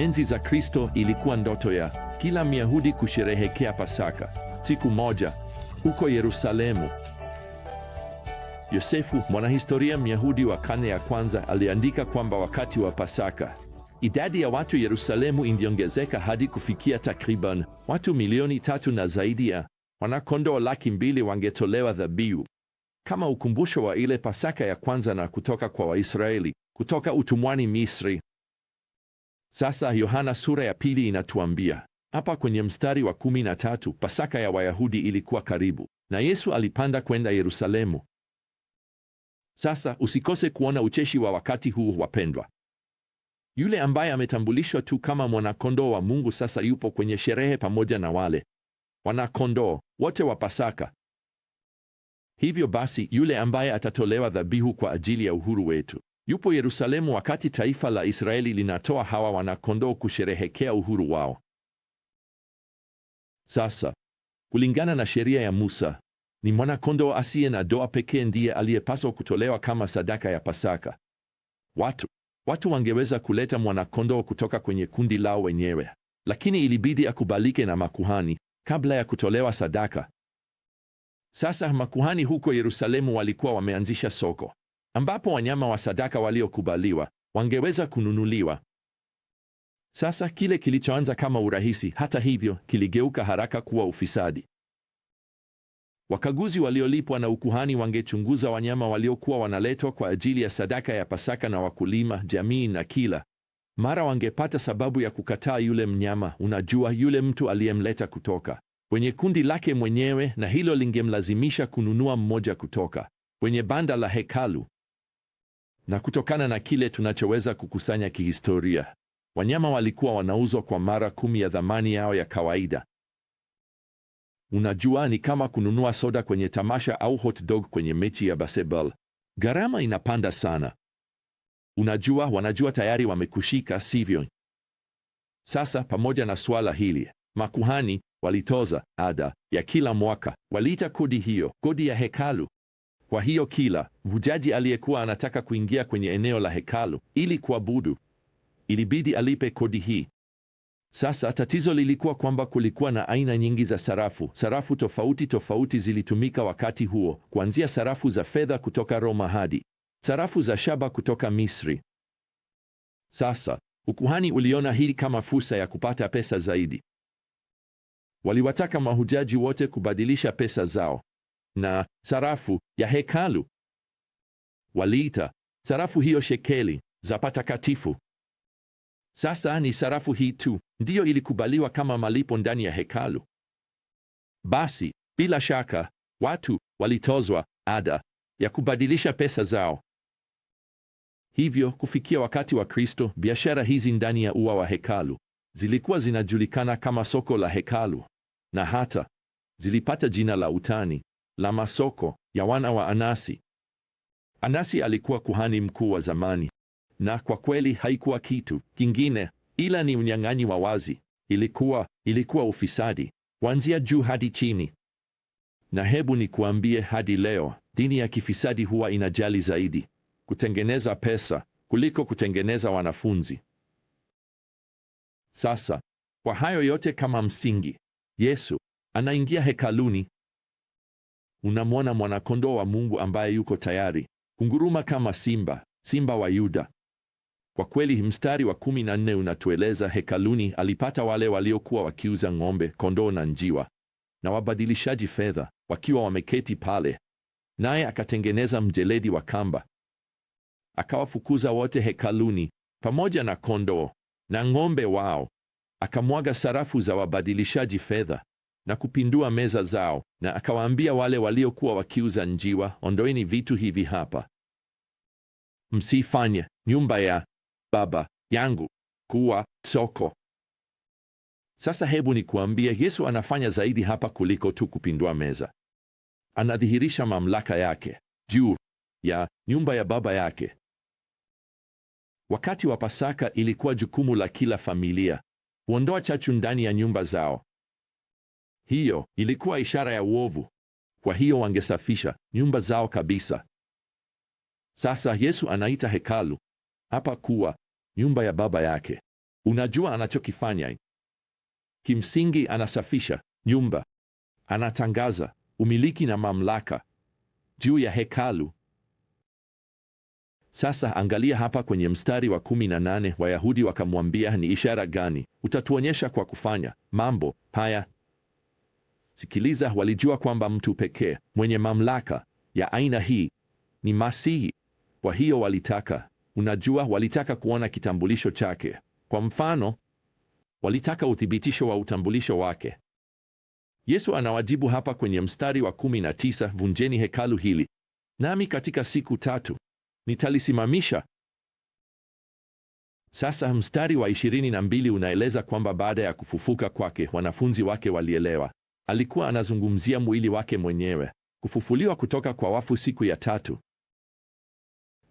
Enzi za Kristo ilikuwa ndoto ya kila Myahudi kusherehekea Pasaka siku moja huko Yerusalemu. Yosefu, mwanahistoria Myahudi wa karne ya kwanza, aliandika kwamba wakati wa Pasaka idadi ya watu Yerusalemu iliongezeka hadi kufikia takriban watu milioni tatu na zaidi ya wanakondoo laki mbili wangetolewa dhabihu kama ukumbusho wa ile Pasaka ya kwanza na kutoka kwa Waisraeli kutoka utumwani Misri. Sasa Yohana sura ya pili inatuambia hapa kwenye mstari wa kumi na tatu, Pasaka ya Wayahudi ilikuwa karibu na Yesu alipanda kwenda Yerusalemu. Sasa usikose kuona ucheshi wa wakati huu wapendwa. Yule ambaye ametambulishwa tu kama mwanakondoo wa Mungu sasa yupo kwenye sherehe pamoja na wale wanakondoo wote wa Pasaka. Hivyo basi, yule ambaye atatolewa dhabihu kwa ajili ya uhuru wetu yupo Yerusalemu wakati taifa la Israeli linatoa hawa wanakondoo kusherehekea uhuru wao. Sasa, kulingana na sheria ya Musa, ni mwanakondoo asiye na doa pekee ndiye aliyepaswa kutolewa kama sadaka ya Pasaka. Watu watu wangeweza kuleta mwanakondoo kutoka kwenye kundi lao wenyewe, lakini ilibidi akubalike na makuhani kabla ya kutolewa sadaka. Sasa makuhani huko Yerusalemu walikuwa wameanzisha soko ambapo wanyama wa sadaka waliokubaliwa wangeweza kununuliwa. Sasa kile kilichoanza kama urahisi, hata hivyo, kiligeuka haraka kuwa ufisadi. Wakaguzi waliolipwa na ukuhani wangechunguza wanyama waliokuwa wanaletwa kwa ajili ya sadaka ya Pasaka na wakulima, jamii, na kila mara wangepata sababu ya kukataa yule mnyama, unajua, yule mtu aliyemleta kutoka kwenye kundi lake mwenyewe, na hilo lingemlazimisha kununua mmoja kutoka kwenye banda la hekalu na kutokana na kile tunachoweza kukusanya kihistoria, wanyama walikuwa wanauzwa kwa mara kumi ya thamani yao ya kawaida. Unajua, ni kama kununua soda kwenye tamasha au hot dog kwenye mechi ya basketball. Gharama inapanda sana. Unajua, wanajua tayari wamekushika, sivyo? Sasa, pamoja na suala hili, makuhani walitoza ada ya kila mwaka, waliita kodi hiyo kodi ya hekalu, kwa hiyo kila vujaji aliyekuwa anataka kuingia kwenye eneo la hekalu ili kuabudu ilibidi alipe kodi hii. Sasa tatizo lilikuwa kwamba kulikuwa na aina nyingi za sarafu. Sarafu tofauti tofauti zilitumika wakati huo, kuanzia sarafu za fedha kutoka Roma hadi sarafu za shaba kutoka Misri. Sasa ukuhani uliona hili kama fursa ya kupata pesa zaidi. Waliwataka mahujaji wote kubadilisha pesa zao na sarafu ya hekalu. Waliita sarafu hiyo shekeli za patakatifu. Sasa ni sarafu hii tu ndiyo ilikubaliwa kama malipo ndani ya hekalu. Basi bila shaka watu walitozwa ada ya kubadilisha pesa zao. Hivyo kufikia wakati wa Kristo, biashara hizi ndani ya ua wa hekalu zilikuwa zinajulikana kama soko la hekalu na hata zilipata jina la utani la masoko ya wana wa Anasi. Anasi alikuwa kuhani mkuu wa zamani, na kwa kweli haikuwa kitu kingine ila ni unyang'anyi wa wazi. Ilikuwa ilikuwa ufisadi kuanzia juu hadi chini, na hebu nikuambie, hadi leo dini ya kifisadi huwa inajali zaidi kutengeneza pesa kuliko kutengeneza wanafunzi. Sasa kwa hayo yote kama msingi, Yesu anaingia hekaluni unamwona mwanakondoo wa Mungu ambaye yuko tayari kunguruma kama simba, simba wa Yuda. Kwa kweli, mstari wa kumi na nne unatueleza hekaluni alipata wale waliokuwa wakiuza ng'ombe, kondoo na njiwa na wabadilishaji fedha wakiwa wameketi pale, naye akatengeneza mjeledi wa kamba, akawafukuza wote hekaluni pamoja na kondoo na ng'ombe wao, akamwaga sarafu za wabadilishaji fedha na kupindua meza zao, na akawaambia wale waliokuwa wakiuza njiwa, ondoeni vitu hivi hapa, msifanye nyumba ya Baba yangu kuwa soko. Sasa hebu nikuambie, Yesu anafanya zaidi hapa kuliko tu kupindua meza. Anadhihirisha mamlaka yake juu ya nyumba ya Baba yake. Wakati wa Pasaka ilikuwa jukumu la kila familia kuondoa chachu ndani ya nyumba zao hiyo ilikuwa ishara ya uovu. Kwa hiyo wangesafisha nyumba zao kabisa. Sasa Yesu anaita hekalu hapa kuwa nyumba ya Baba yake. Unajua anachokifanya? Kimsingi anasafisha nyumba. Anatangaza umiliki na mamlaka juu ya hekalu. Sasa angalia hapa kwenye mstari wa kumi na nane Wayahudi wakamwambia, ni ishara gani utatuonyesha kwa kufanya mambo haya? Sikiliza, walijua kwamba mtu pekee mwenye mamlaka ya aina hii ni Masihi. Kwa hiyo walitaka, unajua, walitaka kuona kitambulisho chake. Kwa mfano, walitaka uthibitisho wa utambulisho wake. Yesu anawajibu hapa kwenye mstari wa 19, vunjeni hekalu hili nami katika siku tatu nitalisimamisha. Sasa mstari wa 22 unaeleza kwamba baada ya kufufuka kwake wanafunzi wake walielewa alikuwa anazungumzia mwili wake mwenyewe, kufufuliwa kutoka kwa wafu siku ya tatu.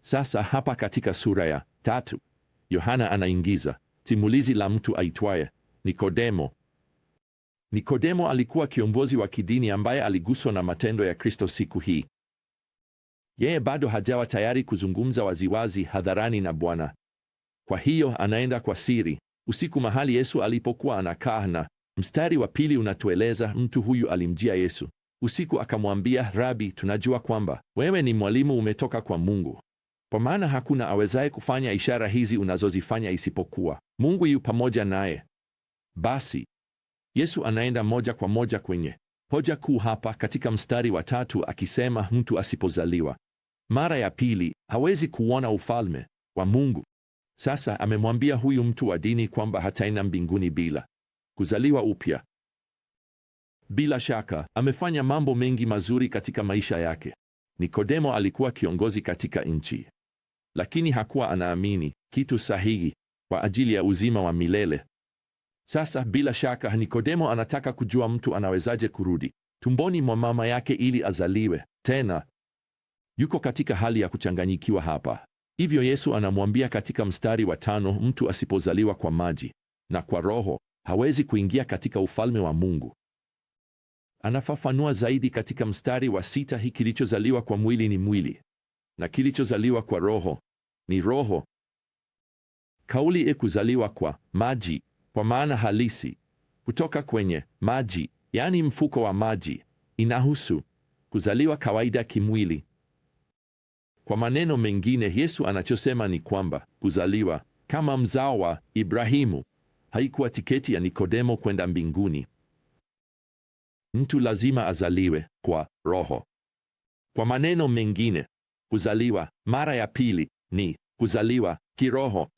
Sasa hapa katika sura ya tatu Yohana anaingiza simulizi la mtu aitwaye Nikodemo. Nikodemo alikuwa kiongozi wa kidini ambaye aliguswa na matendo ya Kristo siku hii. Yeye bado hajawa tayari kuzungumza waziwazi hadharani na Bwana. Kwa hiyo anaenda kwa siri usiku mahali Yesu alipokuwa anakaa na Mstari wa pili unatueleza mtu huyu alimjia Yesu usiku akamwambia, Rabi, tunajua kwamba wewe ni mwalimu umetoka kwa Mungu, kwa maana hakuna awezaye kufanya ishara hizi unazozifanya isipokuwa Mungu yu pamoja naye. Basi Yesu anaenda moja kwa moja kwenye hoja kuu hapa katika mstari wa tatu akisema, mtu asipozaliwa mara ya pili hawezi kuona ufalme wa Mungu. Sasa amemwambia huyu mtu wa dini kwamba hataenda mbinguni bila kuzaliwa upya. Bila shaka amefanya mambo mengi mazuri katika maisha yake. Nikodemo alikuwa kiongozi katika nchi, lakini hakuwa anaamini kitu sahihi kwa ajili ya uzima wa milele. Sasa bila shaka Nikodemo anataka kujua mtu anawezaje kurudi tumboni mwa mama yake ili azaliwe tena. Yuko katika hali ya kuchanganyikiwa hapa. Hivyo Yesu anamwambia katika mstari wa tano, mtu asipozaliwa kwa maji na kwa Roho hawezi kuingia katika ufalme wa Mungu. Anafafanua zaidi katika mstari wa sita, hiki kilichozaliwa kwa mwili ni mwili na kilichozaliwa kwa roho ni roho. Kauli e, kuzaliwa kwa maji, kwa maana halisi kutoka kwenye maji, yaani mfuko wa maji, inahusu kuzaliwa kawaida kimwili. Kwa maneno mengine, Yesu anachosema ni kwamba kuzaliwa kama mzao wa Ibrahimu haikuwa tiketi ya Nikodemo kwenda mbinguni. Mtu lazima azaliwe kwa Roho. Kwa maneno mengine, kuzaliwa mara ya pili ni kuzaliwa kiroho.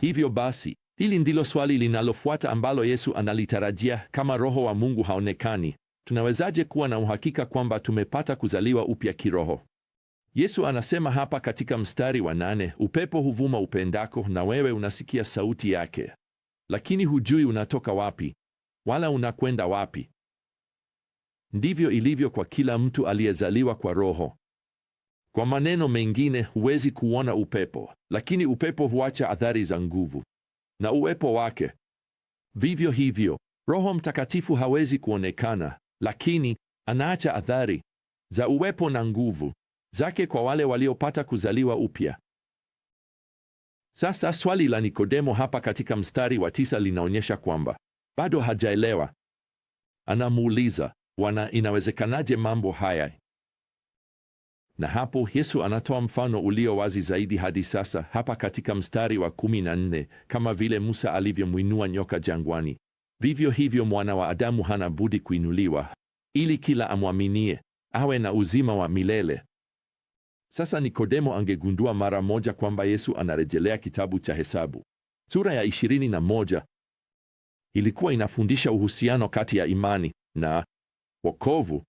Hivyo basi, hili ndilo swali linalofuata ambalo Yesu analitarajia. Kama Roho wa Mungu haonekani, tunawezaje kuwa na uhakika kwamba tumepata kuzaliwa upya kiroho? Yesu anasema hapa katika mstari wa nane, upepo huvuma upendako na wewe unasikia sauti yake, lakini hujui unatoka wapi wala unakwenda wapi. Ndivyo ilivyo kwa kila mtu aliyezaliwa kwa Roho. Kwa maneno mengine, huwezi kuona upepo, lakini upepo huacha athari za nguvu na uwepo wake. Vivyo hivyo, Roho Mtakatifu hawezi kuonekana, lakini anaacha athari za uwepo na nguvu zake kwa wale waliopata kuzaliwa upya. Sasa swali la Nikodemo hapa katika mstari wa tisa linaonyesha kwamba bado hajaelewa. Anamuuliza, Bwana, inawezekanaje mambo haya? Na hapo Yesu anatoa mfano ulio wazi zaidi hadi sasa hapa katika mstari wa kumi na nne. Kama vile Musa alivyomwinua nyoka jangwani, vivyo hivyo mwana wa Adamu hana budi kuinuliwa, ili kila amwaminie awe na uzima wa milele. Sasa Nikodemo angegundua mara moja kwamba Yesu anarejelea kitabu cha Hesabu sura ya 21. Ilikuwa inafundisha uhusiano kati ya imani na wokovu.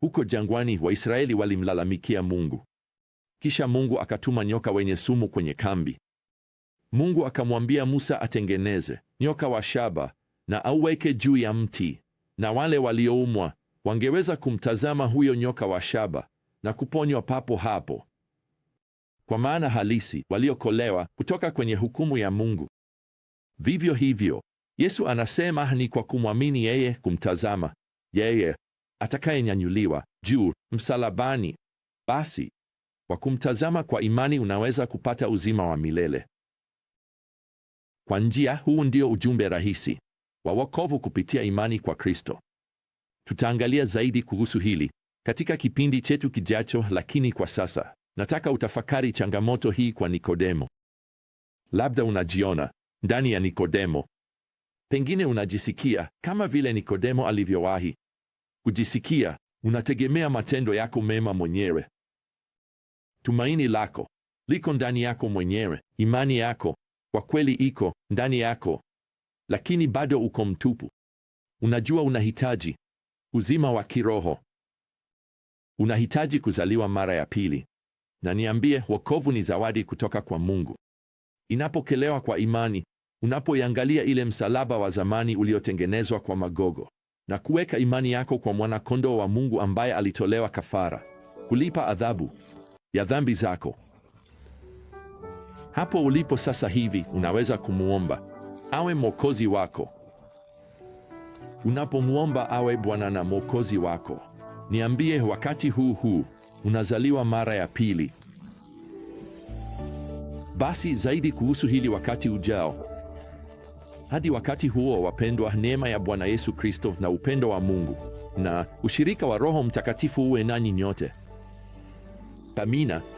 Huko jangwani Waisraeli walimlalamikia Mungu, kisha Mungu akatuma nyoka wenye sumu kwenye kambi. Mungu akamwambia Musa atengeneze nyoka wa shaba na auweke juu ya mti, na wale walioumwa wangeweza kumtazama huyo nyoka wa shaba na kuponywa papo hapo kwa maana halisi waliokolewa kutoka kwenye hukumu ya Mungu. Vivyo hivyo, Yesu anasema ni kwa kumwamini yeye, kumtazama yeye atakayenyanyuliwa juu msalabani. Basi kwa kumtazama kwa imani unaweza kupata uzima wa milele. Kwa njia, huu ndio ujumbe rahisi wa wokovu kupitia imani kwa Kristo. Tutaangalia zaidi kuhusu hili katika kipindi chetu kijacho, lakini kwa sasa nataka utafakari changamoto hii kwa Nikodemo. Labda unajiona ndani ya Nikodemo. Pengine unajisikia kama vile Nikodemo alivyowahi kujisikia. Unategemea matendo yako mema mwenyewe. Tumaini lako liko ndani yako mwenyewe. Imani yako kwa kweli iko ndani yako, lakini bado uko mtupu. Unajua unahitaji uzima wa kiroho. Unahitaji kuzaliwa mara ya pili. Na niambie, wokovu ni zawadi kutoka kwa Mungu inapokelewa kwa imani. Unapoiangalia ile msalaba wa zamani uliotengenezwa kwa magogo na kuweka imani yako kwa mwanakondoo wa Mungu ambaye alitolewa kafara kulipa adhabu ya dhambi zako. Hapo ulipo sasa hivi unaweza kumwomba awe mwokozi wako. Unapomwomba awe Bwana na mwokozi wako, Niambie wakati huu huu unazaliwa mara ya pili. Basi zaidi kuhusu hili wakati ujao. Hadi wakati huo, wapendwa, neema ya Bwana Yesu Kristo na upendo wa Mungu na ushirika wa Roho Mtakatifu uwe nanyi nyote. Amina.